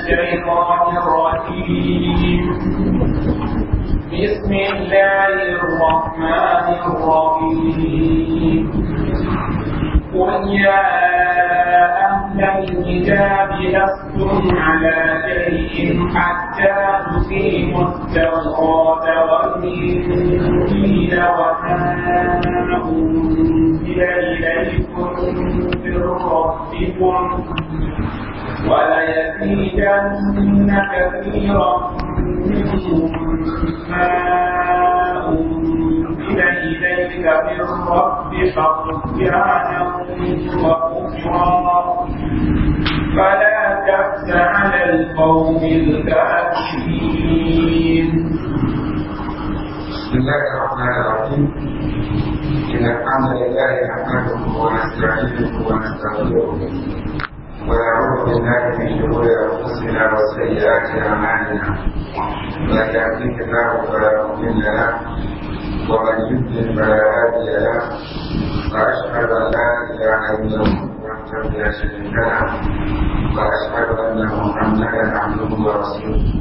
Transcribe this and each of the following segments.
الشيطان الرجيم بسم الله الرحمن الرحيم قل يا أهل الكتاب لستم على شيء حتى تقيموا التوراة والإنجيل وما أنزل إليكم من ربكم وليزيدن كثيرا منهم ما أنزل إليك من ربك طغيانا وكفرا فلا تأس على القوم الكافرين بسم الله الرحمن الرحيم إن الحمد لله نحمده ونستعينه ونستغفره ونعوذ بالله من شرور انفسنا وسيئات اعمالنا من يهديه الله فلا مضل له ومن يضلل فلا هادي له واشهد ان لا اله الا الله وحده لا شريك له واشهد ان محمدا عبده ورسوله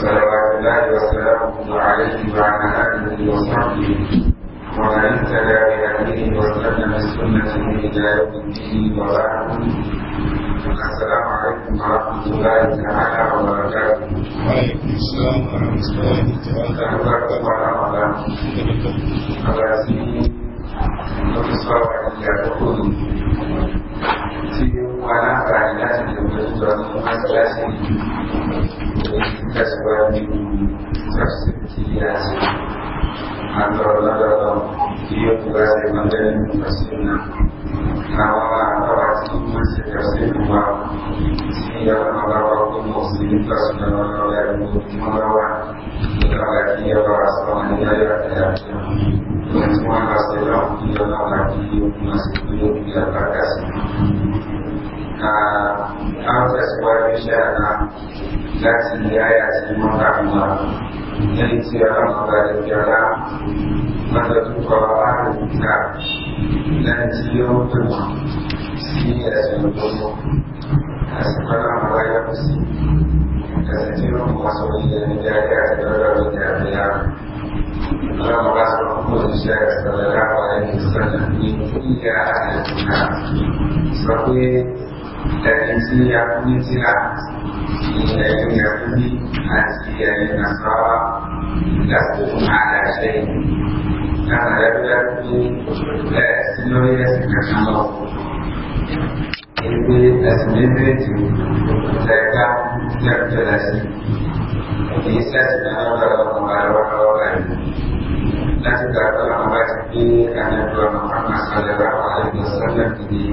صلوات الله وسلامه عليه وعلى اله وصحبه ومن اهتدى بهديه واستنى بسنته الى يوم الدين وبعد السلام عليكم ورحمه الله تعالى وبركاته. وعليكم السلام ورحمه الله تعالى وبركاته. Tí wọn á bá ní láti lè wọlé ìjọ ní mọ́sálásí, ìgbésí tẹ̀síwájú tẹ̀síwájú tí a ṣe antara antara namun yang nazarar iyo tugaze mandani mufasirina nababa abakimu sekasirwa singa amababaku musinga sunabakabayarimu kumagawa mutabakiya babasomaniyayatayati omutima basera okuyo nabakiyo kumasikiyo kuyabakasi abakyasiwabishana lati yaya cikin maka ya maka da kyara mata tuka wa ahli kita dan ci yau si ya sun maka ya fusi kasancewa masu wani da ni da ya sakara da wani da ya Allah merasa yang ini anak Sebab لكن في يكون سلعة لكن يكون أنسياء النصارى لستهم على شيء كما يبدو لا يسمى يسمى الله Ibi ẹ̀sìn yang lẹ́ka ini ọjọ́ lẹ́sìn. Kì tidak jelas. náà lọ́dọ̀ ọmọ àlọ́ lọ́wọ́ orang Láti gbàgbọ́ àwọn bá ti gbé àlejò ọmọ Muhammad Sallallahu besar yang kìíní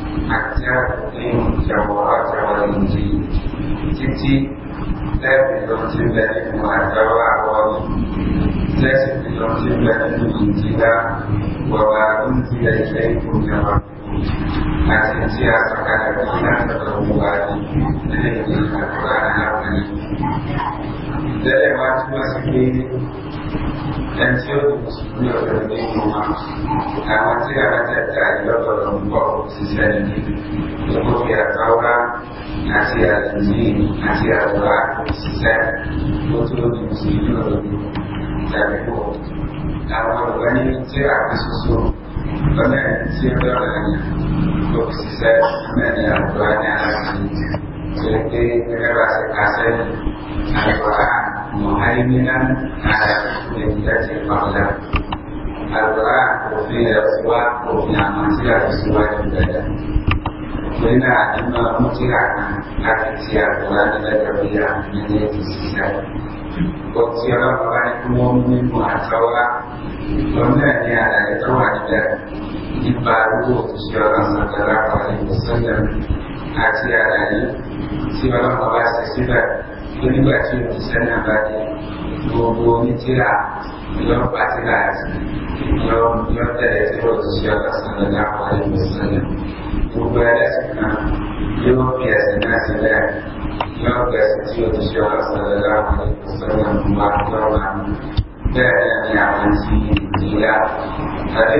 Aceh, Lim, Jawa, Jawa Linci, Cici, saya diloncin cinta Bunga Jawa Awali, saya diloncin dari Linjina, Wabarun tidak ikut Jawa Asensi asalkan dari China bertemu lagi Jadi ini adalah anak-anak Jadi masih ini. ẹnití ó ní ọ̀dọ̀ ní inú wa àwọn tí a tẹ̀tẹ̀ àyọ̀dọ̀ ló ń bọ̀ ṣiṣẹ́ níbi gbogbo fi àtàwọ́rá àti àdìní àti àwòrá ṣiṣẹ́ ó tó lóbi sí inú ọ̀dọ̀ tàbí kò àwọn ọ̀dọ̀ ní tí a fi soso lọ́nà tí ó dọ̀rọ̀ ẹ̀yìn tó ṣiṣẹ́ mẹ́rin àwòrá ní aláṣẹ seperti mereka kasih Al-Quran muhaiminan atas yang kita ceritakan Al-Quran kofi dan sesuai yang berada Bina ima mutiara kaki si Al-Quran kita berbeda menjadi sisa Kofi Allah bapak ni ada ketawa tidak Ibaru Syurah Sallallahu asiya tadi siwa na kwa basa siba onígbà tí o ti sẹ́nà bá dé gbogbo onítìrà lọ́wọ́ pàtìlà àti lọ́wọ́ tẹ̀lé tí o ti ṣe ọ̀tọ̀ sọ̀rọ̀ ní àpárí ìgbésọ̀lẹ̀ gbogbo ẹlẹ́sìn kan yóò fi ẹ̀sìn náà sílẹ̀ lọ́wọ́ ẹ̀sìn tí o ti ṣe ọ̀tọ̀ sọ̀rọ̀ ní àpárí ìgbésọ̀lẹ̀ nígbà tó wà ní bẹ́ẹ̀ ni àwọn ti ìdíyà tàbí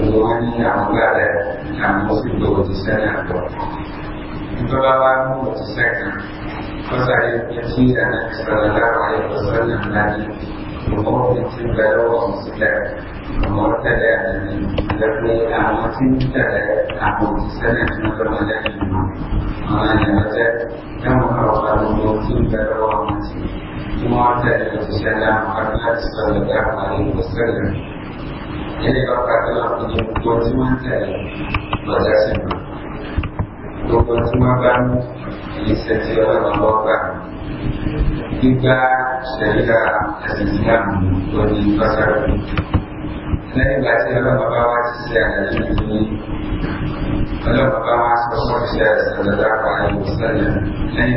wani abubuwa da kan wasu da wasu sana da turawa wasu saka fasari ya ci da na sallallahu alaihi wasallam na ne da kuma fitin da yawa musu da kamar ta da da kuma a mutum da a mutu sana na zama da kuma amma da mata ta makarwa da mutum a jadi kalau um cara que não tinha um corpo de matéria, mas é assim não. pasar Saya baca dalam bahawa sisi ada di sini Dalam bahawa sosok saya sedang berada di sana Saya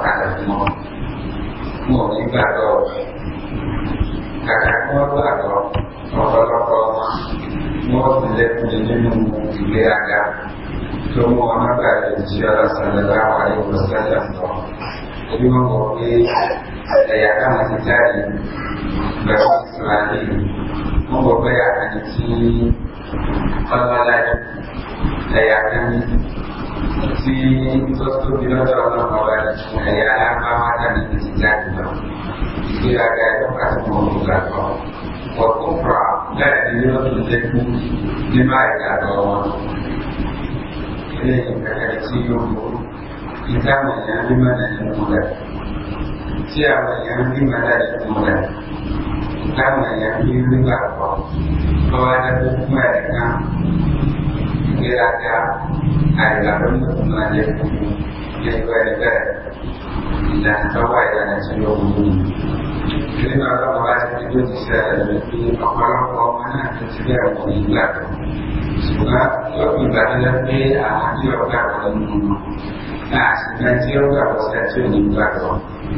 หมดนี้บาดอขาขาก็บาดอพอเราพอมอดเล็กนิดนึงเรียกกันตัวมอนาบาดจิตราสันดาอะไรก็สัจจะต่อที่มันบอกว่าแต่อยากทำให้ใจแบบสมาธิมันบอกว่าอยากให้ที่ตอนอะไรแต่อยากให้ si infrastruktur dilakukan oleh budaya lama dan dibisikkan juga. Jika ada yang kasih membutuhkan kau, kau kufra dan dia menjadi dibaik atau ini kata kecil kita menjadi di mana yang mudah. Siapa yang di mana yang mudah? Kita menjadi di mana kau. Kalau ada kiraka a garin musulma ya kuma ya zuwa da gara na kawai Jadi kalau orang itu bisa orang orang juga mengikat. Semoga kita nanti akan juga Nah, sebenarnya kalau saya sudah mengikat,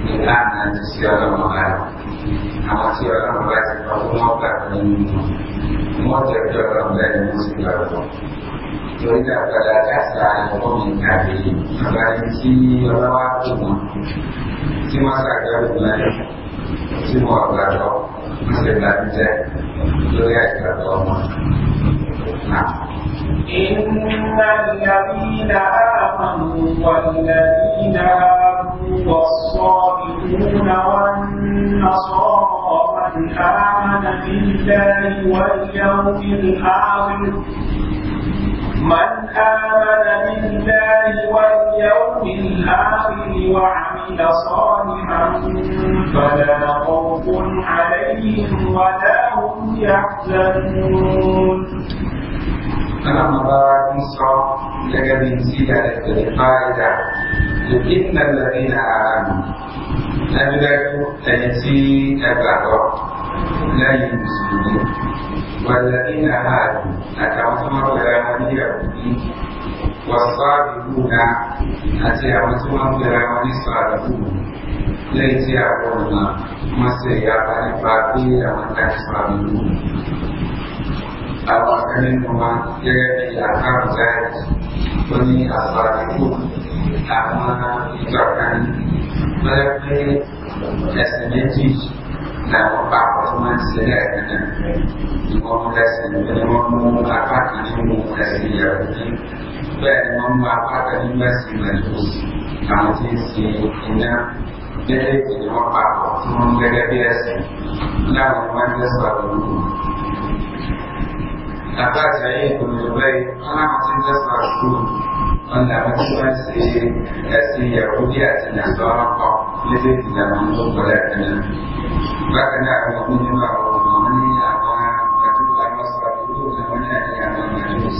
kita nanti siapa mengikat. Apa siapa mengikat? Kalau mau mengikat, mau jadi orang dari musik atau torí dàgbà látàṣà ẹ̀kọ́ mi tàbí àgbáyé tí ọlọ́wà tó mọ̀ tí wọ́n ṣàgbẹ́wò láyé. ที่พอเราไม่เป็นไรพี่แจ๊คเรื่องแรกเราลองมานะ إن الذين آمنوا والذين هادوا والصابئون والنصارى من آمن بالله واليوم الآخر من آمن بالله واليوم الآخر وعمل صالحا فلا خوف عليهم ولا هم يحزنون فلما رأى مصر من نسيت القاعدة إن الذين آمنوا لم أن تنسي أبدا لا يمسكون والذين هادوا أتعصمر ولا منير والصابرون أتعصمر ولا من الصابرون ليس يعقلنا مسيا الباقي لمن لا يصابرون أواخرهما يأتي أخر ذلك ومن الصادقون أما إذا كان ملكي أسمتي na ba kuma sila ina ni wọn da si ni wọn mú apá ya ni bẹ́ẹ̀ ni wọn mú apá kan ní wọn si ma tó si àwọn tí ń si iná bẹ́ẹ̀ tí ni wọn papọ̀ tí wọn gẹ́gẹ́ bí ẹsẹ̀ láwọn wọn ń sọ àbúrò Bàbá àjàyè ìgbòmìnira báyìí, wọ́n láwọn ti Bahkan aku meminta pemahamannya apa Batu al-Masrah namanya dengan Majus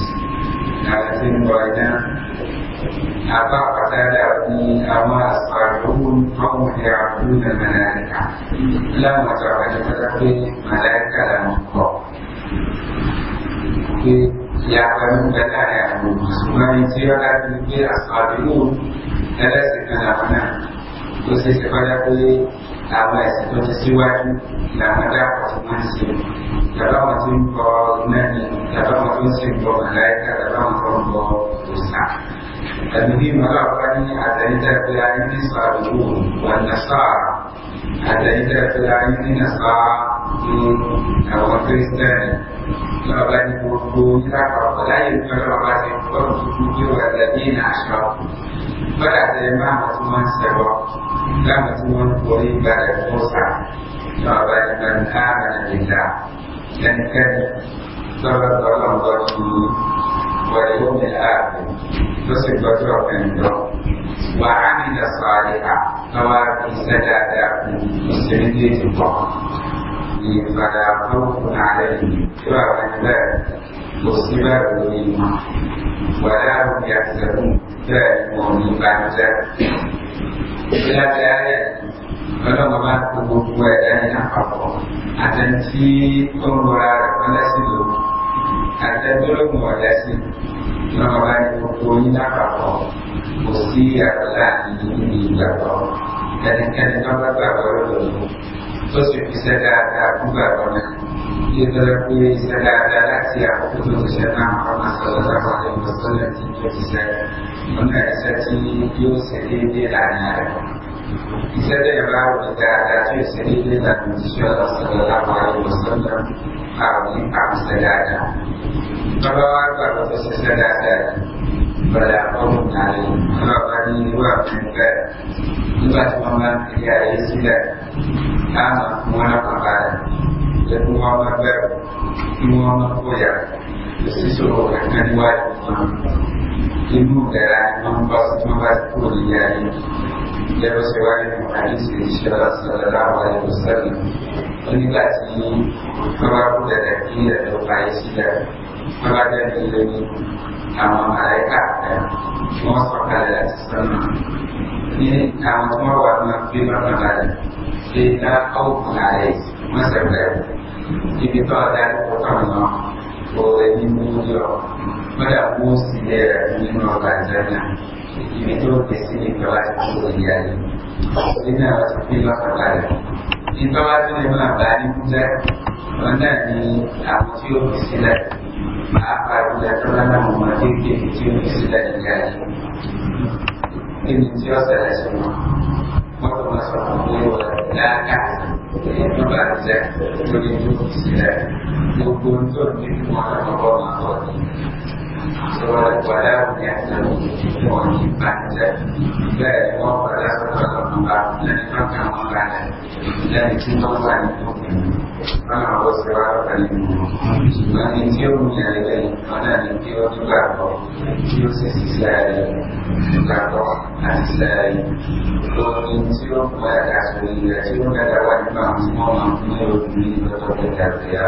Nalatin Tuanya apa pada di amas arun kaum ya'budun malaika lam majabat tetapi malaika dalam mengkau ya kami kata ya Sungai Jira dan Bukit Asfadilun Ada mana Terus kepada kami àwọn ẹ̀sìn tó ti síwájú làwọn dáàbò tí wọ́n ń ṣe làbáwọn tó ń bọ ìmẹ́ni làbáwọn tó ń ṣe ń bọ màláìka làbáwọn tó ń bọ òòsà ẹ̀mí mọ́lọ́pàá ní àtẹ̀yìntẹ́fẹ́ ayé ní sàrùwò wọn na sáà àtẹ̀yìntẹ́fẹ́ ayé ní na sáà ní àwọn kírísítẹ́nì lọ́ba ní gbogbo yíra kọ̀ọ̀kọ̀ láyé ìfẹ́ lọ́ba ti gbọ́dọ̀ tuntun bí wọ́n lẹ́bí ní àṣọ matasa ya ba masu man sarwa ba masu man kori ba da dan kan sauran sauran wasu wani yau mai abu wasu wasu wakan yau wa amina saliha kawai sadada musulmi ne tukwa ni fada kawai واصطباع منهما ولا هم يحزنون ذلك من بعد لا تعالى ọlọ́run bá kó gbogbo ẹ̀dá ní àpapọ̀ àtẹ̀ntí tó ń rọra rẹ̀ pẹ́lẹ́ sí lò àtẹ̀ntólógún ọ̀dá sí ọlọ́run bá ní gbogbo yín lápapọ̀ kò sí ìyàtọ̀ láàrin níbi ìgbàgbọ́ ẹnikẹ́ni tó bá gbàgbọ́ lòdò tó sì fi sẹ́dáadáa fún gbàgbọ́ náà. interview sadatalatia kutoka kama sallallahu alaihi wasallam kisa wanda sati yo sedede la na sede ba da da ce sedede da insha sallallahu alaihi wasallam a ni a sadata baba wa ba ko sadata bala ko na ni ba ba ni wa ka ni ba ta mama ya yi sida ama mwana kwa bara dan Muhammad Baru Muhammad Koya Solo, dan Wai Ilmu dan membahas membahas kuliah Ya Rasulullah yang hadis Insyaallah Sallallahu Alaihi Wasallam Ini kaji Kebaku dan akhir atau kaisidah Kepada nama malaikat dan semua pada sesama. Ini nama semua buat lima negara. Sehingga kau mengalir masyarakat. berapa. Ini tuh ada pertama boleh dimuji. pada musim daerah ini melajarnya. Ini tuh di sini kelas kuliah ini. Ini harus pilih kepada. Di kelas ini mana bani di mana di abu silai Maka datanglah nama mati kecil sudah digaji. Ini jiwa saya semua. Waktu masa beliau belakang itu baca menuju sudah. Mengguntur di mana-mana kepada-kepada yang kewajiban dan semua pada sekolah tempat dan akan mengada dan ditentukan karena harus sekolah kali ini dan itu menyadari mana itu juga kok itu sisi saya juga kok nanti saya itu itu mereka sudah itu mereka wajib semua mampu menurut ini betul ya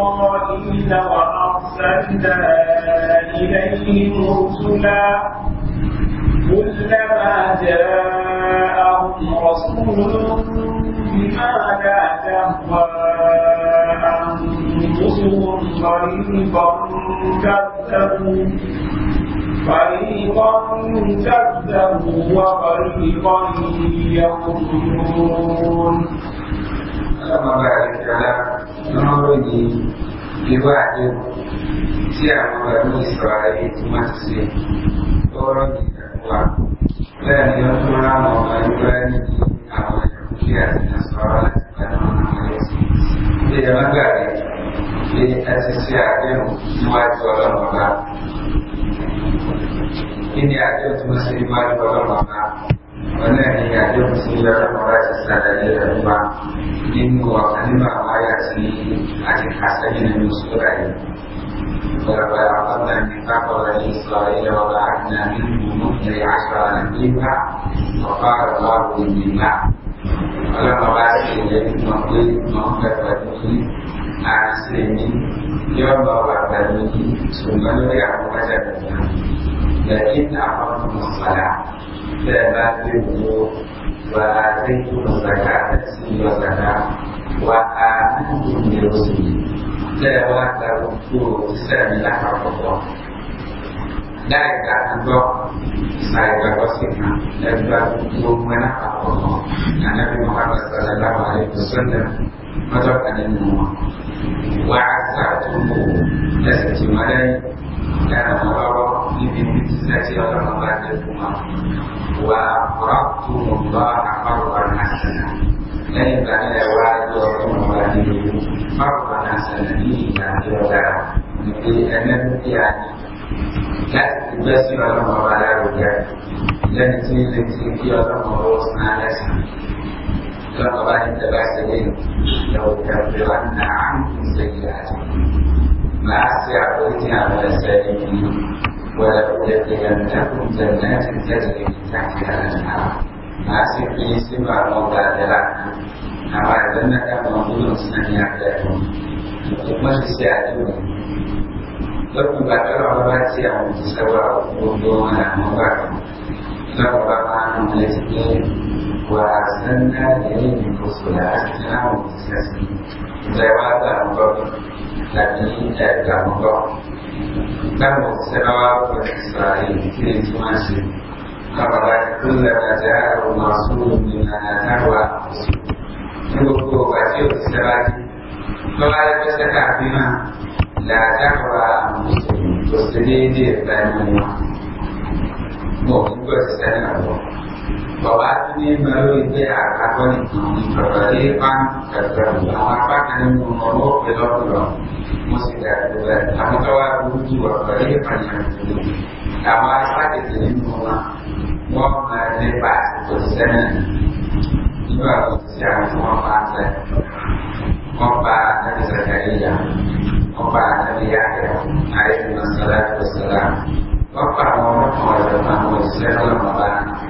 إسرائيل وأرسلنا إليهم رسلا كلما جاءهم رسول بما لا تهوى أنفسهم فريقا كذبوا فريقا كذبوا وفريقا يقتلون. lọ́wọ́ ní siapa àdéhùn tí àwọn ẹ̀mí ìsọ̀rọ̀ ayé tí wọ́n ti ṣe lọ́wọ́ ní ìdàgbà bẹ́ẹ̀ ni wọ́n tún rá àwọn di ẹgbẹ́ ní àwọn ẹ̀kú kí àti ìsọ̀rọ̀ láti gba àwọn ọmọ wannan ya ji musu ya kamar su sadari da ruwa in wa kaniba ma ya ci a cikin hasali na musu rayu ولقد أخذنا ميثاق بني إسرائيل وبعثنا منهم اثني عشر نقيبا وقال الله إني ولما بعث إليهم نقيب محمد فتوحي عن سلمي يوم وعبدني ثم نريهم وجدنا لئن أقمتم الصلاة لباتلوا وآتيتم الزكاة تسلي وزكاة وآتيتم لرسلي لا وتركوا تسلي لحق الله لا يتعلق سايبا قصيما لباتلوا من حق الله النبي محمد صلى الله عليه وسلم مدرك للنوم وعسرتم لست ملايك Karena بمثلة رغبتكما وأقرضتم الله قرضا حسنا كيف لا يوادعكم والده قرضا حسنا إلا لكي أن يعني láti gbẹ́ sí ọlọ́mọ ọba lárugẹ lẹ́ni tí ń retí kí ọlọ́mọ ọba ó san lẹ́sàn lọ́nà ọba ní tẹ̀lé àṣẹlẹ̀ ìyàwó ìdàgbé wa ní àárín ìṣẹ̀lẹ̀ àti مع استعبادها على السالكين ولأدخلنكم جنات تجري من تحتها الأنهار مع سقي سبع مبادرة أوعدنك موضوع سميع لكم الحكمة السعدون لكم بكر عبات يوم تسوى وقودونا مبارك فربما عن الاسلام وأرسلنا إليهم رسلا أسلام وتسلسل زواتا مبارك lakini yataondoka. Tangu kusema wapo wa Israeli kile kimashi kama kullama jaa'ahum rasulun bima nahawa hivyo kuwa watie kusemaji kawale kusema bima la tahwa anfusukum tusididie dhalimu mwa Mungu bahwasanya baru itu akan diperbalikan kerjanya apa dan belok belok mesti dua kamu tahu aku jiwa kali panjang itu kamu asal itu ini mula mau melepas keputusan itu aku siang semua fase Opa Nabi Zakaria Opa Nabi Yahya Alaihi Wasallam Opa Muhammad Muhammad Muhammad Sallallahu Alaihi Wasallam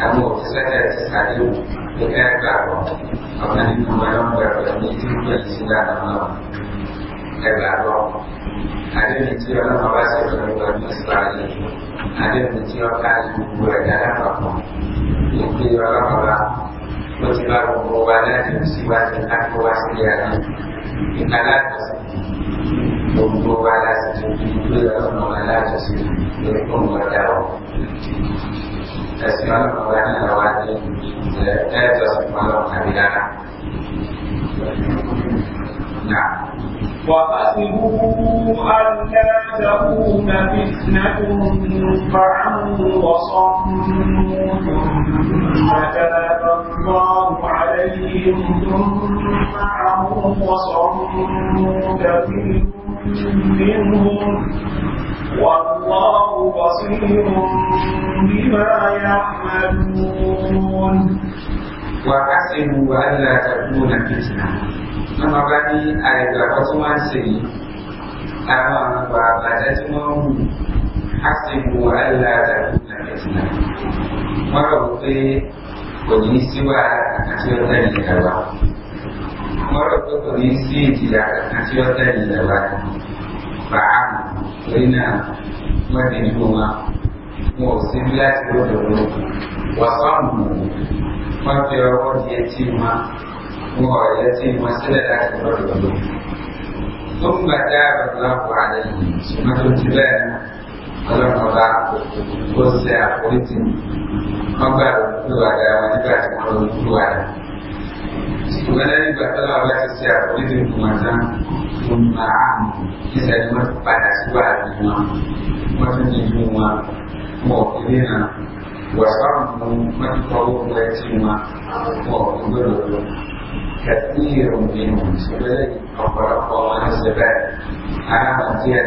ทั้งหมดจะได้ใช้ยุคในแก้กล่าวทำให้ทำไมต้องแบบนี้ที่เป็นสิ่งใดของเราแต่ละรอบอาจจะมีเชื่อแล้วมาว่าเสียงเราเป็นอิสราเอลอาจจะมีเชื่อการบุกเบิกได้ครับผมมีเชื่อแล้วมาว่าเมื่อที่เราโมวานะถึงสิวันถึงอัตวาสิยานีถึงอาณาจักรผมโมวานะถึงเพื่อเราโมวานะถึงเรื่องของเรา أسماء نعم. وأنا أوعد لا تصف لهم بلا نعم وأسلوه ألا تكون فتنة فعموا وصموا ثم تاب الله عليهم ثم عموا وصموا كثير منهم والله بصير بما يعملون وحسبوا ألا تكون فتنة نما بني أيضا قسمان سي أما وابدتهم حسبوا ألا تكون فتنة وربي ونسوا أكثر ذلك الله mọ́rọ̀ tó kò ní sí ìjìyà àti ọ̀tẹ̀ ilẹ̀ wa bàá torí náà wọ́n ti dúró wọn wọn ò sí láti lódodo wọ́n sọ́ọ̀mù wọ́n fi ọwọ́ di etí wọn wọn ò yẹ tí wọn sílẹ̀ láti lódodo. tó ń gbàdá ọ̀dọ́ àlẹ́ yìí ṣùgbọ́n tó ti bẹ́ẹ̀ ọlọ́run ọba ó ṣe àforíjì wọ́n gbà lódodo nígbà tí wọ́n lódodo àdá. ṣùgbọ́n lẹ́yìn ìgbà tó làwọn láti ṣe àkọlé ní ìfúnmọ́tá fún ààrùn níṣẹ́ ni wọ́n ti padà mau wà ní wọn wọ́n tún ní ìlú wọn mau ò fi dènà wàsáàmù wọn ti kọ́ owó ẹ̀ tí wọn wọn ò fi gbọ́dọ̀ lọ. كثير منهم سبيل أخبرك عن الزبائن أنا مزيد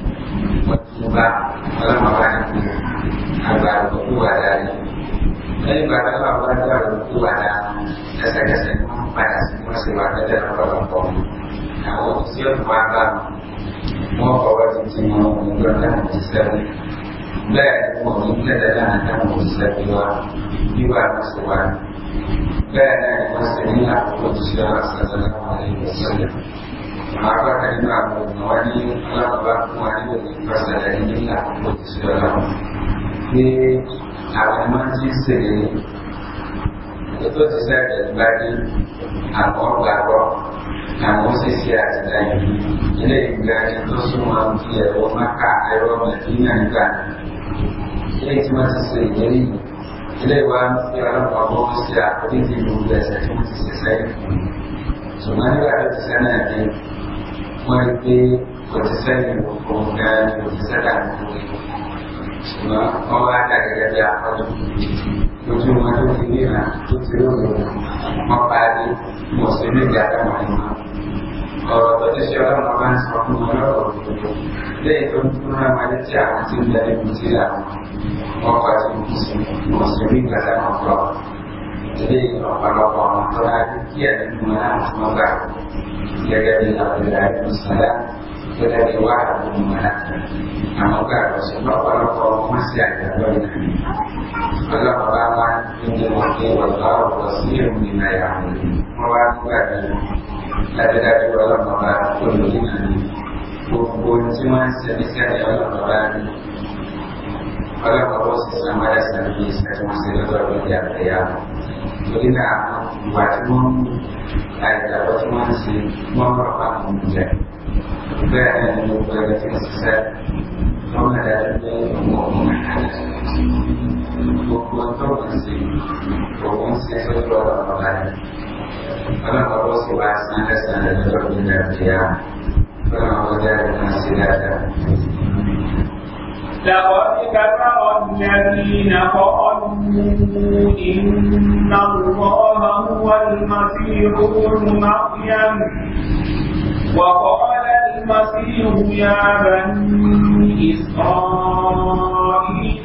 mubah ولما كانت الأنبار berkuah dari dari barat Allah itu ada dan dasar-dasar pada semua siwada dan orang siap makan mau bawa cincin mau menunjukkan mujizat dan mau minta dalam akan mujizat dua dua masukan dan masih ini aku mujizat Rasulullah Sallallahu maka kalimah mawani alaba mawani fasa da ni la ko su da la ni alama ji maka e o ma ti na ni ga ile ti ma ti se ni ada di sana Porque você sabe o contrário, você sabe o contrário. Não há nada que a água continua a continuar, continua uma parte, você me dá a mão. Kalau tadi siapa makan sama mengenal, dia itu masih dari Mesir, mau kasih muslim, muslim nggak sama jadi kalau orang berada dia di semoga jaga kita berada misalnya kita di luar di mana semoga Rasulullah kalau orang masih ada banyak kalau orang yang mati kalau wasir mina yang melakukan ada dari orang melakukan dengan kumpul cuma sedikit yang orang kalau Allah sesama di stagione dell'autorità creata. Quindi da Guatemala, da Guatemala si muove a Mungia. Bene, non può essere se non è da dire un uomo meccanismo. Quanto si può consigliere la parola? Alla parola si va a sanare sanare dell'autorità creata. Però non è da considerare. لقد كفر الذين قالوا إن الله هو المسيح ابن مريم وقال المسيح يا بني إسرائيل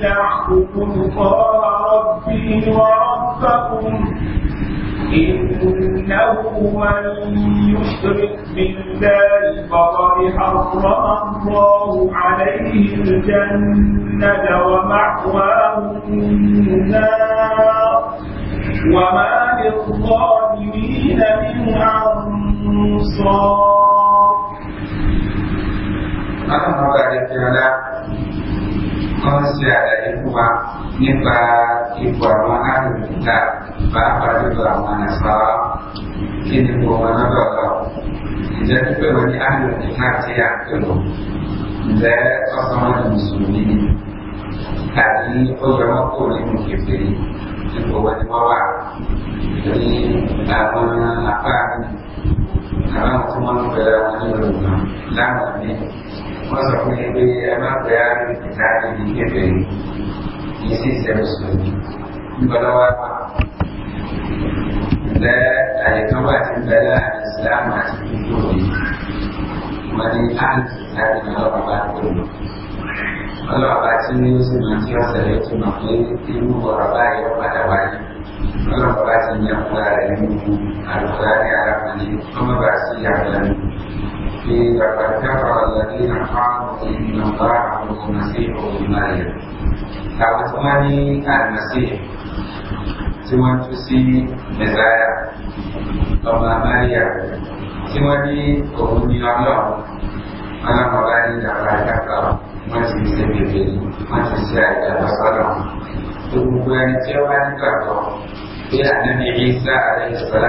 اعبدوا الله ربي وربكم إنه من يشرك بالله فقد حرم الله عليه الجنة ومأواه النار وما للظالمين من أنصار. أنا هذا konsep dari kuat nipa ibu amanah kita bapak ibu amanah salam ini kuat bapak jadi pemani ahli kita tidak perlu dari kosongan muslimin tadi ulama kulit mukifiri itu wani wawa jadi apa apa karena semua berani berubah lama ini io sono quelli che amano di chiedere di esistere studi di parlava le hai trovati in bella l'Islam a tutti ma di altri stati non lo parlano allora bacini io si mantiene a salire su ma che al curare a rapani come bacini a curare لقد كفر الذين قالوا ان الله هو المسيح ابن مريم تعرفني المسيح tiwantusi mẹsàáyà ọmọ amáríà tí wọn ní òun ní ọlọrun ọlọmọba ní ìjàmbá ìjàmbá wọn ti ṣe bèbè wọn ti ṣe àjàmbá sọdọ gbogbo ẹni tí ó bá nígbàgbọ pé ànábi ìsá àrẹ ìsọlá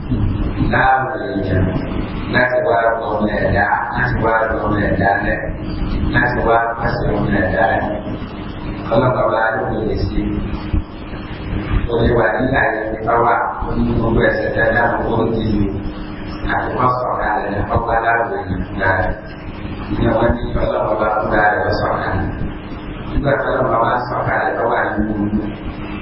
láàrú lẹ́yìn jẹ́ láti wá ọmọ ẹ̀dá di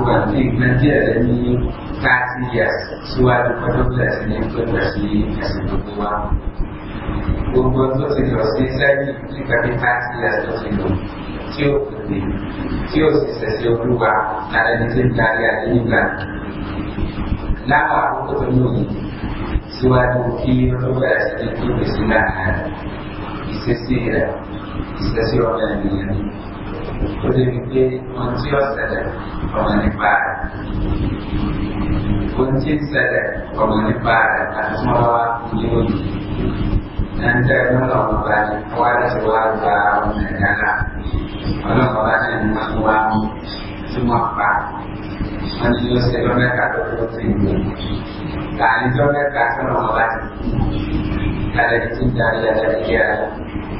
buat ada dia kasih ya suatu pedoman yang berdasarkan hasil pertemuan. Bukan tu situasi saya diberikan kajian tersebut. Tio penting, si sisa tio dua ada di dari karya ini kan. Ya, Lama aku ketemu suatu kiri pedoman yang berdasarkan hasil pertemuan. Sisi ya, sisi orang yang Including conscious sadar from an empire. Conscious sadar from an empire at Molawa Union. Dan saya menolak berbalik kepada keluarga negara. Kalau kepada yang menguang semua pak, menyelesaikan mereka berpuluh Dan itu mereka Ada dicintai,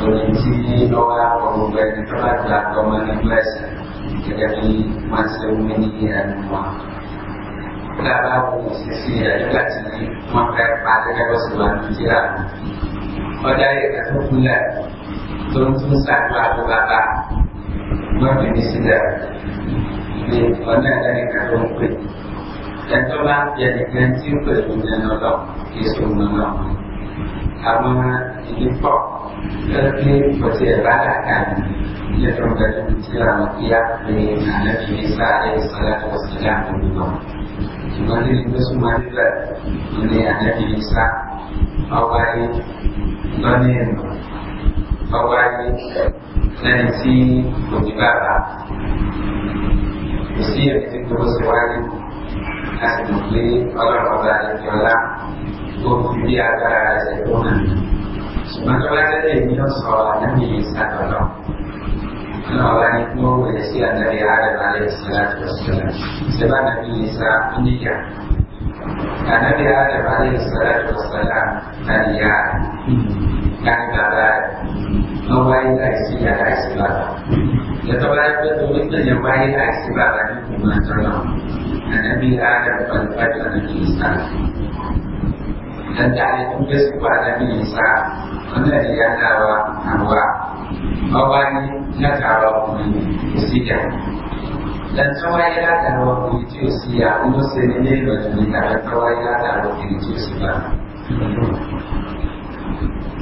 Terus di sini doa pembukaan Jadi masuk Kalau sisi dari gaji Maka pada kebetulan pikiran Pada satu bulan turun satu aku kata Mereka sedar Ini pernah dari kata Dan coba jadikan simple Dengan nolong Kisah menolong Karena ini pokok ที่มาเจอบ้านกันอย่าตรงกันที่เราเทียบเป็นอันที่มีสาเอสละตัวสละคนดีกว่าที่มันนี่ก็สมัยนี้แบบมันนี่อันที่มีสาเอาไว้ตอนนี้เอาไว้ในที่ปฏิบัติที่ที่ตัวสวรรค์อาศัยมุ่งเลี้ยงเอาเราเอาไว้ที่เราควรที่จะได้ใช้ตรงนั้น Masalahnya ini kan soalannya di Instagram. Orang itu berisian dari Adam alaihissalam Sebab Nabi Isa menikah. Karena dia ada alaihissalam wassalam tadinya kan kabar Nawaita isi ada isi bapa. ya orang itu tulis tu nyawaita isi bapa ni cuma contoh. Nabi Adam pada Nabi Isa dan jadi ditulis kepada Isa menjadi adawa Anwa ini Nakara Kuni Usia dan tawaira da wa kuri usia kuma sai ne ba ni da tawaira kalau wa usia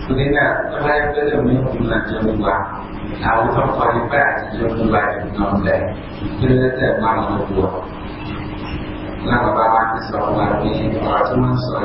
su ne na tawaira da da mun kuma jin ba a wutar kwari ba a cikin ba da nan da da da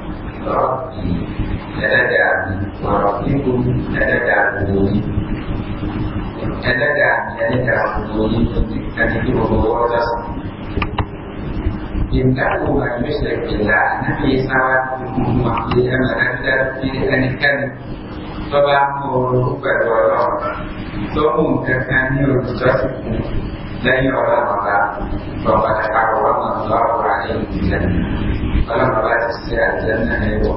ربي نادعني وربكم نادعني نادعني نادعني itu يكون Intaku man yusyrik billah Nabi sahabat Muhammad Amat ada Dikanikan Tolak Merubah Tolong Tolong Kekanir Tolong dan orang maka bahwa saya kawal mengelola orang yang tidak kalau mereka sesuai jangan hebo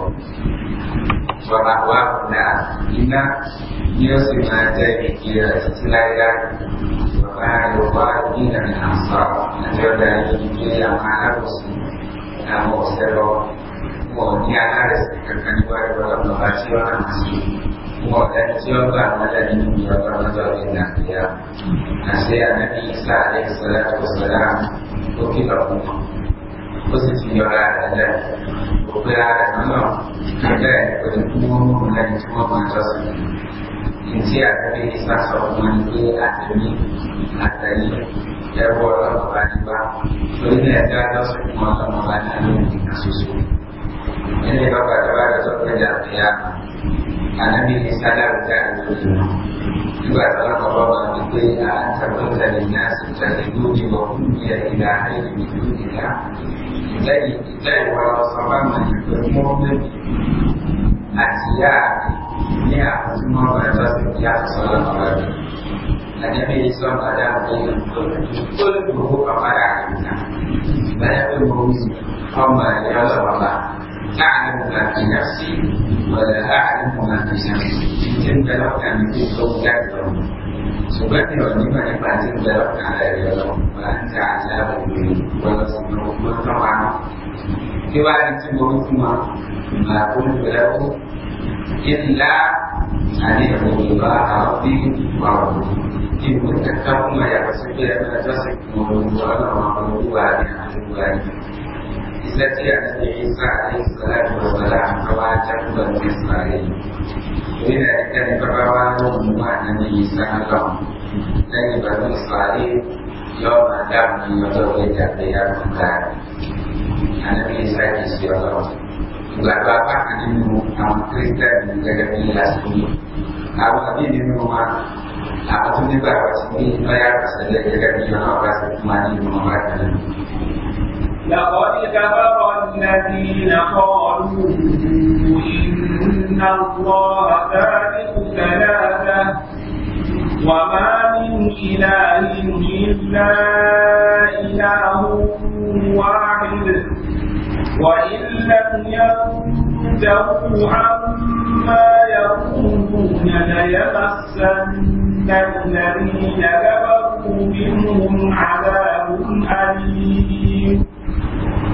bahwa wakna ina ia sengaja dikira silaikan bahwa wakna ina nasa nanti ada yang dikira yang mana bosan yang mau sero mau niana resikirkan dua dalam bahasa yang masih potensial ada di dunia permasalahan nantiya. Nasihat Nabi Isa alaihissalam wassalam kita umum. Posisi orang ada, berada dalam ada pada semua mengenai semua manusia. Insia Nabi Isa seorang itu ademi ini ya boleh ada semua teman-teman yang Ini bapak-bapak ada soal kerja karena bin Iskandar dan juga seorang bapak bapak itu ya dari nas ibu di bawah ya tidak ada di itu tidak. Jadi jadi walau sama menyebut Asia ini apa semua bahasa setiap seorang orang. Hanya Islam ada betul berhukum kepada kita. Saya pun mengisi, Allah ya Allah أعلم ما في نفسي ولا أعلم ما في نفسي itu جلوك أن يكون كبيرا Sebabnya orang ini banyak baca dalam karya dia dalam baca aja bagi bagi semua berteman. Kita ada semua semua melakukan beliau. Inilah nanti aku juga harus di bawah. Ibu tetap mengajar sesuatu yang terasa semua orang orang berdua dia berdua. التي أتى عيسى عليه السلام وطلع حواجا بن إسرائيل إلى أن تبعوه مع نبي عيسى الله لن بن إسرائيل يوم أدام من يطوي جديا مدار نبي عيسى عيسى الله Bapak-bapak ini mengumumkan Kristen di negara Milas ini. Aku tadi di rumah, aku tunjuk bahwa sini saya harus ada negara Milas, لقد كفر الذين قالوا إن الله ثالث ثلاثة وما من إله إلا إله واحد وإن لم ينتهوا عما يقولون ليمسن الذين كفروا منهم عذاب أليم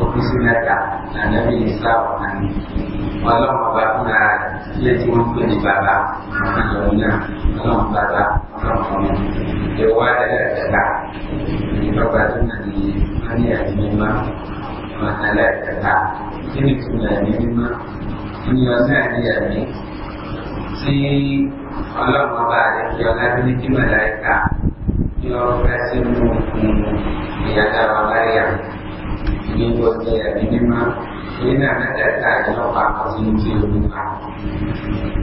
وكسلك عن نبي الإسلام عن ọlọ́run ọba fúnra ilé tí wọ́n ń pè ní bàbá ọlọ́run náà ọlọ́run bàbá ọlọ́run ọmọ ẹ̀wọ́ aláìkẹta ìjọba tó nà ní wọ́n ní àti mímá มีบทเรียนนี้ได้มากนี่น่าจะใจเราปากจริงจริงปาก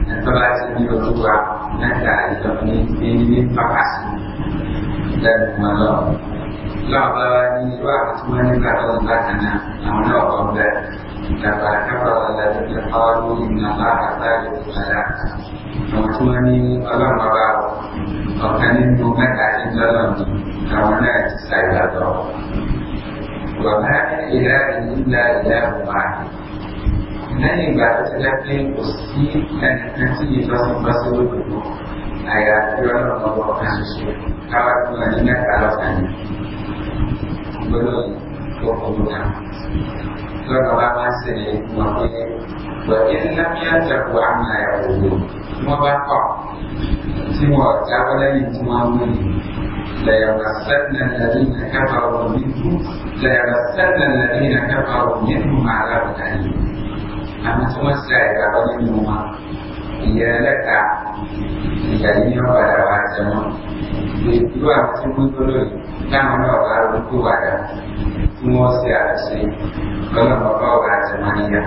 นั่นก็ได้สิ่งที่เราตัวน่าจะเรานี้นี่นี่ปากสิ่ง dan malam เราเรียนว่าทุกวันนี้เราต้องการนะเราต้องการแต่แต่ถ้าเราเรียนจะพอรู้อินทรีย์ได้แล้ว Rahmani Allah Baba Bahkan ini bukan kajian dalam Karena saya tahu وما إله إلا إله واحد Nah dan nanti dibahas-bahas dulu Ayat Tuhan membawa kasus Kalau mengajinya ke alasannya Belum Kau orang asli mungkin Bagian lamia jago amna ya wudu Cuma Semua jago dari cuma muni La yamassadna alladhina kafaru minhum La yamassadna alladhina kafaru minhum saya ìgbàlódé náà padà wá jẹmọ́ ìlú àwọn tí wọ́n gbọ́dọ̀ láwọn náà wà lóko wàdà tí wọ́n ṣe àtúnṣe lọ́nà bàbá ọ̀gá àjẹmọ́ níyà.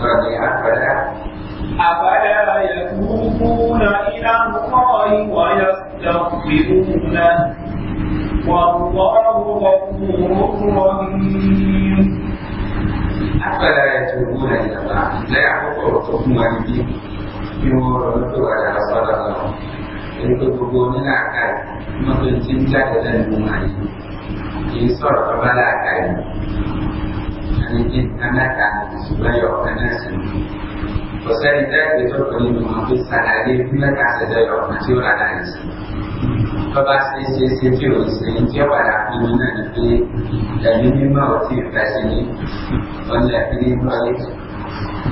Lọ́ọ̀ni àpàdá. أفلا يتوبون إلى الله ويستغفرونه والله غفور رحيم أفلا يتوبون إلى الله لا يعرفوا رسول الله Timur itu ada hasara ba da ke gugu nuna kai mutuncin jagadan lumani ke sọrọ tó Ini láàka yìí ẹni tí anáka àti ṣùgbọ́n yọ ọ̀kan náà sí ni kò sẹ́ni dáàbò orang kọ nínú wọn fi sàlàyé fúnlẹ́ka àṣẹjọ yọ ọ̀kan tí ó rà láàyè sí tó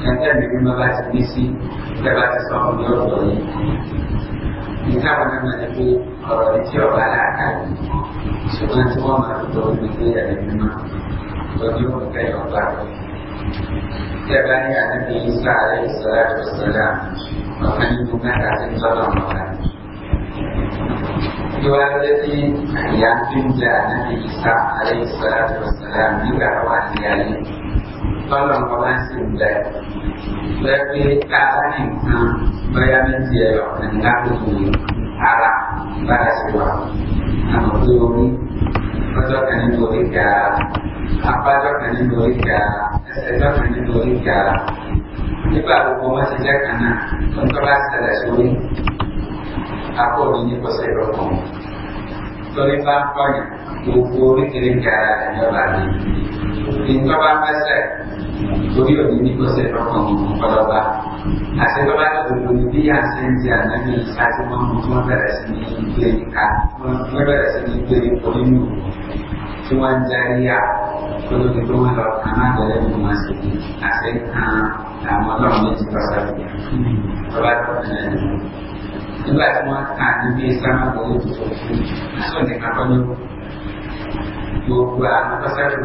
Nanti dengan membaca misi, kita baca soal biologi, Kita akan menghadapi kondisi obalakan. Sebenarnya semua makhluk itu yang memang beliau berkaya obalakan. Setiap kali ada di Isa alaihi salatu wassalam, akan menggunakan kasih salam Allah. Riwayatnya yang pindah Nabi Isa alaihi salatu wassalam juga awal ballon balansin da lafi kasa ne kan bayanin jiya wannan na kudu ara ba da cewa a mutuwomi kwazo kanin dori ga abajo kanin dori ga ẹsẹjọ kanin dori ga nígbà gbogbo wọn ti jẹ kan náà tó ń lórí bá kọ́nà gbogbo oríkèéríkèé ara rẹ̀ ní ọ̀la ní. Ìjọba mẹ́sẹ̀ lórí òní ní kò sẹ́fẹ́ fún ọlọ́ba. Àṣetọ́ba ní gbogbo ní bí àṣẹ ń di ànábì ìṣáájú wọn mú tí wọ́n bẹ̀rẹ̀ sí ní ilé ìka wọ́n bẹ̀rẹ̀ sí ní ilé ìkọ́ nínú tí wọ́n nígbà tí wọ́n kà níbi islamu ọ̀hún àṣọ nìkan kọ́ ní gbogbo àwọn pásítọ̀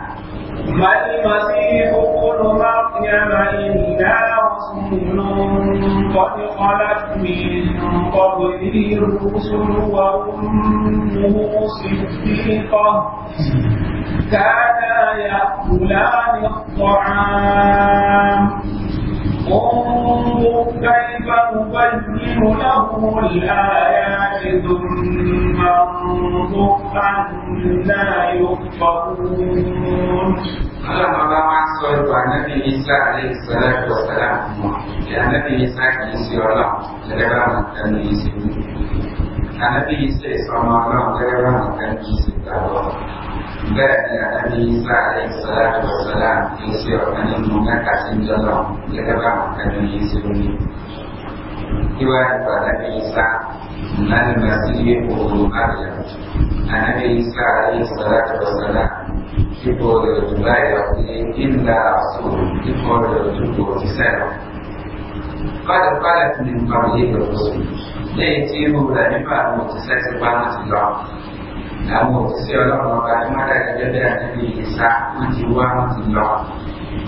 ما المسيح ابن مريم إلا رسول قد خلت من قبله الرسل وأمه صديقة كانا يأكلان الطعام انظر كيف نبين له الآيات ثم انظر عنا يؤفكون فلما ضاعت صورة النبي عيسى عليه الصلاة والسلام النبي عيسى عيسى الله تلقى من عيسى النبي عيسى صلى الله عليه وسلم تلقى من عيسى Baca Nabi Isa alaihissalatu wassalam Yusuf Anim mengangkat senjata Keterbang ke dunia sebelum Iwan pada Nabi Isa Nan Masih Ulu Maryam Nabi Isa alaihissalatu wassalam Kipol Jubair Illa Rasul Kipol Jubair قد قالت من قبله الرسل ليتيروا لا نفع متسلسل بعض الدعوة แล้วผมเชื่อว่าเราไปมาได้เยอะแยะจะมีสักมันถือว่ามันถึงหลอก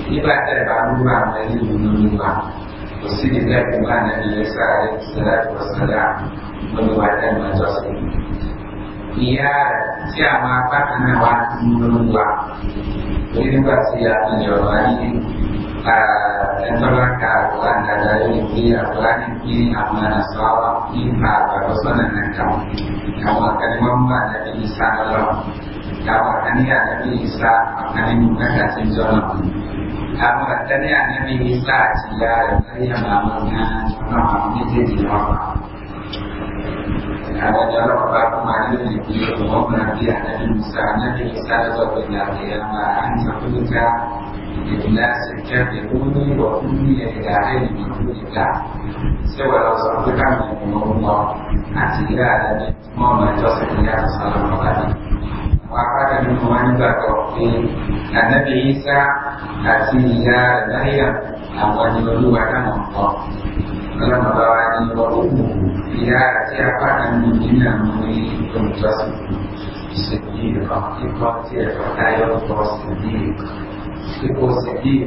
นี่แปลแต่บางรูปแบบในหนึ่งหนึ่งวันผมสิ่งแรกผมว่าในดีเลสายสระวัสระมันวัดได้มาจอสินี่อะเชื่อมาพัฒนาวันหนึ่งวันนี่เป็นภาษาอังกฤษ entorlakawa ndagaringi abaringi amanasawa impabarosonanaka awakanimwamuba nabi isa ngalo awakani anabi isa akanimukakasinjono awakani anabi isa aciyaro mariya mamanga amamamitejiwawa هذا ربكم عن الذكر وما في أحد المستعنة رسالة إلى قيامة أن تقولك للناس كذبوني وأمي إلى علم مقولك سوى لو صدق منكم الله أتي إلى أدب وما تصل إلى صلى الله عليه وأخذ منه أن يبقى النبي عيسى أتي إلى مريم أو أن يولوا كما الله فلما بواني وأمه ya siapa yang mungkin yang memiliki komunitas sedih, waktu khawatir, percaya untuk sedih, itu sedih,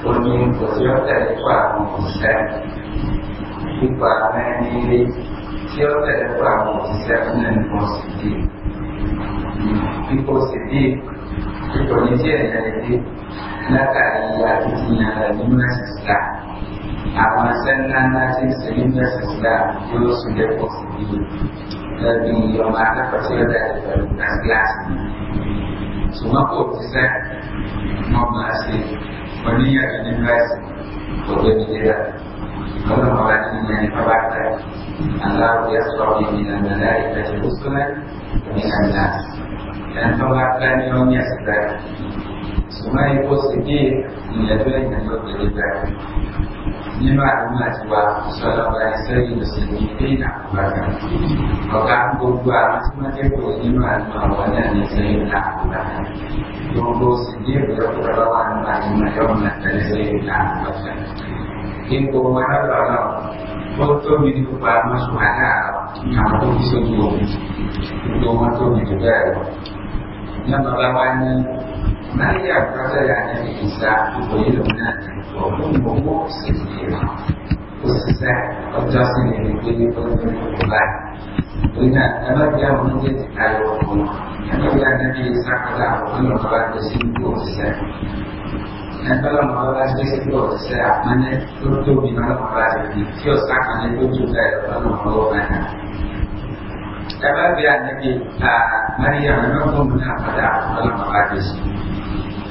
punya tujuan dari suatu konsep. Jika ini dia dari suatu konsep dan positif, itu positif, itu kondisi yang jadi, maka ia أرسلنا في سبيل سبيلا يوسف di Ramadan kecil dari Barunas kelas semua kurtisan memahasi mania universitas boleh dikira kalau orang ini yang kebaca Allah ya suami minal malaika husna minal nas dan kebaca nyonya sedang semua itu sedih menjadi yang berbeda lima lima jiwa seorang bahasa Indonesia ini nak bakar. Maka berubah semua tempo lima lima ini Tunggu sendiri berapa lagi macam nak dari saya nak mana kalau foto video lama suara, aku bisa dulu. Untuk waktu hidup lama. Nama maka pelajaran yang bisa berhubungan dengan memupuk sendiri Khususnya kerja sendiri ini perlu diperlukan Ingat, kalau menjadi ayo Kalau dia Nabi Isa kata Kalau kawan tersinggung sesat Dan kalau mawalah tersinggung sesat Mana tutup di mana mawalah tersinggung Kiosak mana tutup dari Kalau mawalah Kalau dia Nabi ah, Maria memang pun benar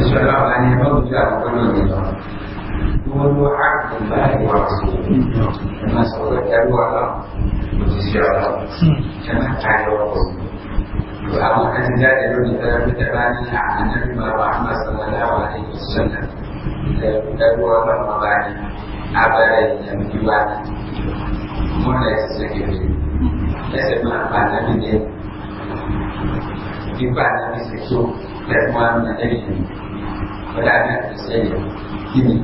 insha Allah a ne babu da wannan ne ba kuma ruwa haƙƙin ba a yi wasu yana saboda ƙaruwa ba mutu shi Allah yana ƙaruwa ba وأبو حمزة بن ثابت بن عن النبي محمد صلى الله عليه وسلم أبو عمر مباني أبدا يمكن مولا يستكبر يسمع أبانا من يبقى أنا بسكسو لازم أنا من badati sɛnɛ kini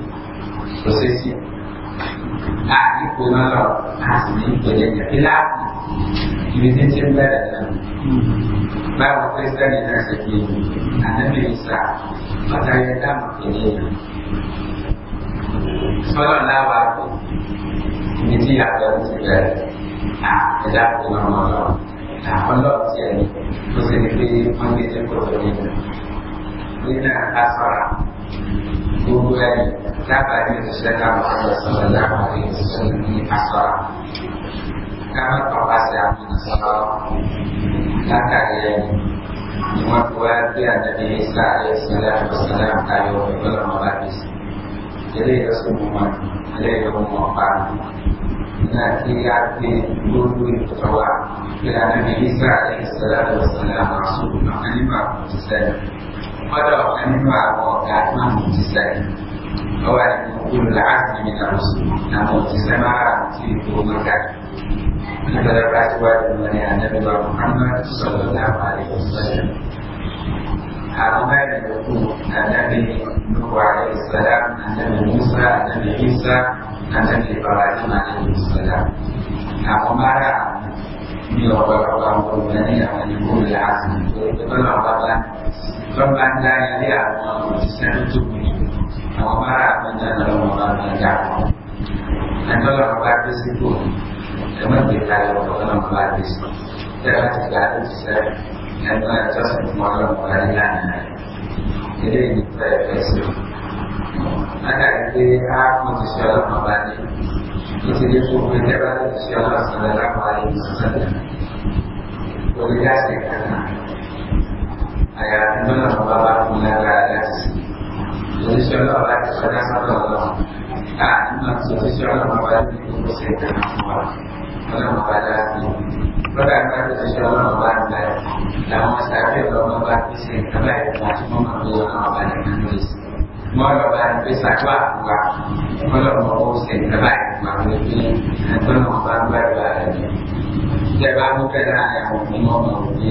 prosesi a ni ko ma sɔrɔ a sini gbɛlɛ ɲɛ kila ibi tɛ tiɲɛ bila de la báwo kristian yìí náà ṣe fi ànábì sá bàtà yẹn dáàmú kìíní yìí sọlọ náà wà pé ibi tí yàtọ̀ ti bẹ̀rẹ̀ à ẹ̀dá kò náà mọ̀ lọ àwọn lọ́ọ̀tì ẹ̀ ló ṣe ní pé wọ́n gbé tẹ́kọ̀ọ́ tó ní. yana asal, ko gani labarin da shi da Muhammad hari ini wasallam ne asara kama kawasa asal, mun asara cuma buat dia kuma kuwa ya da ne Isa alaihi salatu wasallam kayo jadi Rasulullah alaihi wasallam na kiriya ke gudu da tawa da annabi Isa alaihi salatu wasallam rasulullah anima قدر أنواع وأوقات تستعين هو ان يكون العزم من الرسل في كل مكان المكان هذا وعد من النبي محمد صلى الله عليه وسلم أعمال يكون النبي نوح عليه السلام النبي موسى النبي عيسى النبي إبراهيم عليه السلام أعمال ni ọ̀pọ̀lọpọ̀ àwọn ọmọ ní àwọn ìlú ìlà àti ìgbẹ́lọ́pọ̀ Belum pandai ya, setuju. Kalau marah menjadi kalau marah Dan kalau habis itu, teman kita kalau habis, kita juga bisa dan belajar semua orang peradilan. Jadi ini saya kasih. Maka ini aku disyallah mabani. Itu dia publik yang disyallah saudara paling sesat. Boleh kasih kata hayatımda da baba bakımına vereceğiz. Dolayısıyla olarak sana satalım. Ta'atımla dolayısıyla mabalatını kurması yetenek var. Bana mabalatını. Fakat arkadaşlar mabalatını. Lama mesafe ve mabalatını sektaba etmez. Mabalatını mabalatını dolayısıyla. Mọ́lọ̀ bá ń gbé sàgbà àgbà, mọ́lọ̀ mọ́ ó ṣe ìjọba ìgbà wọlé bí ẹgbẹ́ náà bá ń gbàgbà rẹ̀. Ìjọba ń gbẹ̀rẹ̀ àyàwó fún ọmọ òbí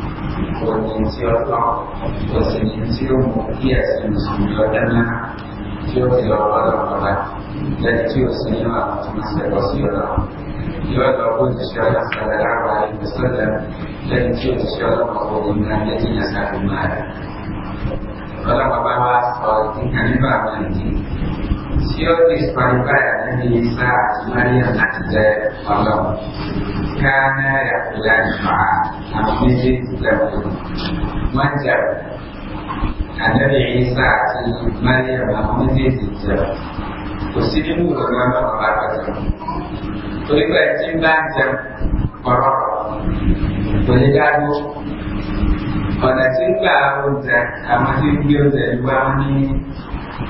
คนยิงเชื่อต่อตัวสิ่งเชื่อมุกที่สิ่งสิ่งเดียวกันนะเชื่อเดียวกันนะและเชื่อสิ่งละที่มันเสียก็เชื่อละที่ว่าเราควรจะเชื่อละสักการะไว้ก็เชื่อละและเชื่อเชื่อละมาโอนงานและที่จะสร้างมาแล้วเราบ้านว่าสอนที่งานนี้บ้านมันจริง Io ti sparipare di Isa Maria Nazze Allah karena ya bulan ma'a Amnisi Zabu Ada di Isa Maria Amnisi Zabu Kò sí nínú ìròyìn ọlọ́run ọba pẹ̀lú. Torí pé ẹtí ń bá ń jẹun ọ̀rọ̀ kò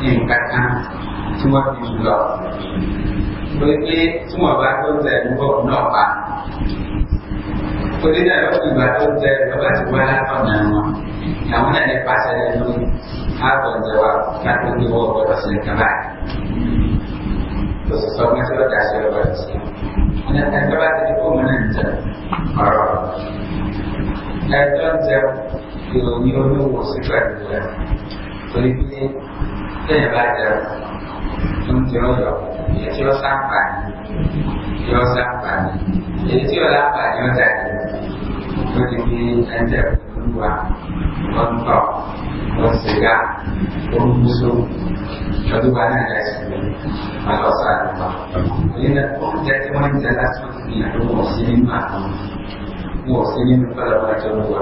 nhìn cả tham chua nhìn gỡ với cái chúng mà bạn ơn rẻ một bộ nó bạn tôi đến đây thì bạn ơn rẻ nó bạn chua là con nhà nó namun ada pasal yang belum apa jawab satu dua berhasil kembali terus semuanya sudah hasil berhasil dan yang keempat itu pun menanjak orang dan jam ilmu ilmu sekarang juga jadi 这一来的中九有，也就三百，有三百，也就两百牛仔，我今天跟着文管、文保、文谁干、文秘书，我都把那个事情把它算了。因为我们在这问题上说，你如果心里满，我心里不乐观就不管。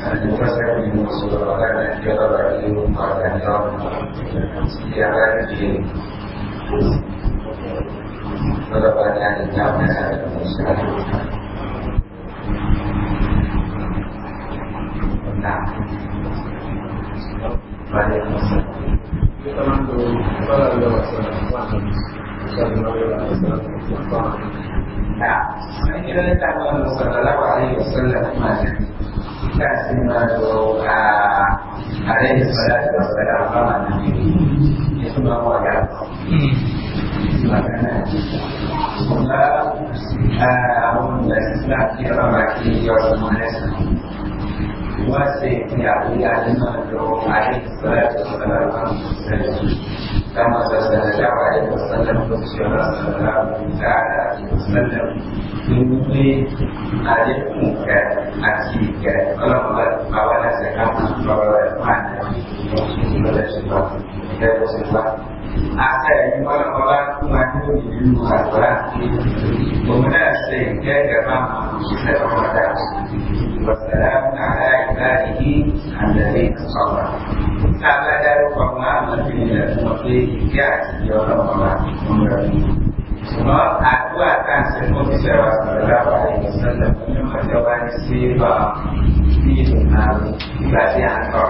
فاستقيموا الصراط الذي تبعتم قد انكرتم سيئات الدين Nah, banyak Kita mandu para ulama Nah, saya kita Casimiro a, a Reyes Palacios de la Fama es un nuevo hallazgo. Fundada a un desplazamiento aquí, yo soy وسيدي علي علمها اليوم عليه الصلاة والسلام عن المسلمين كما صلى الله عليه وسلم وسلم صلى الله تعالى عليه وسلم من كل علمك أتيك ولم أولا سكن فولا معنى ولا شفاء لا شفاء hasta el lugar para cuando el lugar para ومنع استهلاك مع مؤسسات الرحلات والسلام على عباده الذين صبروا أبدا ربما من المطيع يأتي يوم القيامة ṣùgbọ́n àdúrà káàsì fún ìṣẹ̀wà sọ̀rọ̀ àwọn ìṣẹ̀lẹ̀ nínú ọjọ́ wa ní sí ìgbà tí a ń kọ́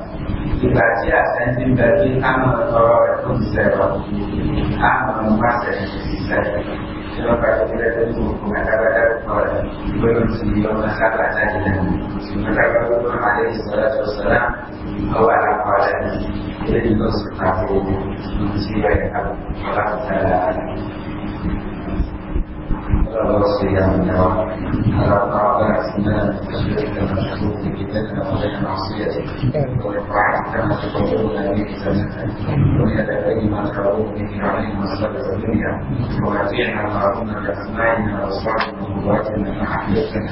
dibaca dan dibagikan mengelola konservasi amal masa yang bisa Cuma kalau kita tentu mengatakan bahwa belum sebelum masalah saja Sementara kalau Tuhan alaihi salatu wassalam Bahwa anak-anak Jadi konsultasi Musibah yang akan وصيامنا وأعطانا حسنات وتشريعنا مشهور بكتابنا وبين معصيتك ورفعت كما تقولون به سنتك وإلى الأبد ما تقول به علينا مصدر الدنيا ومتعنا وأعطنا بأسماعنا وأبصارنا وقواتنا ما أحييتنا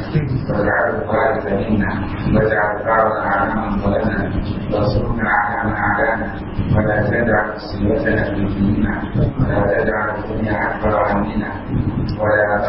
واجعله وارث منا واجعل ثارنا على من ظلمنا وانصرنا على من أعدانا ولا تدع مصيبتنا في ديننا ولا تدع الدنيا أكبر همنا ولا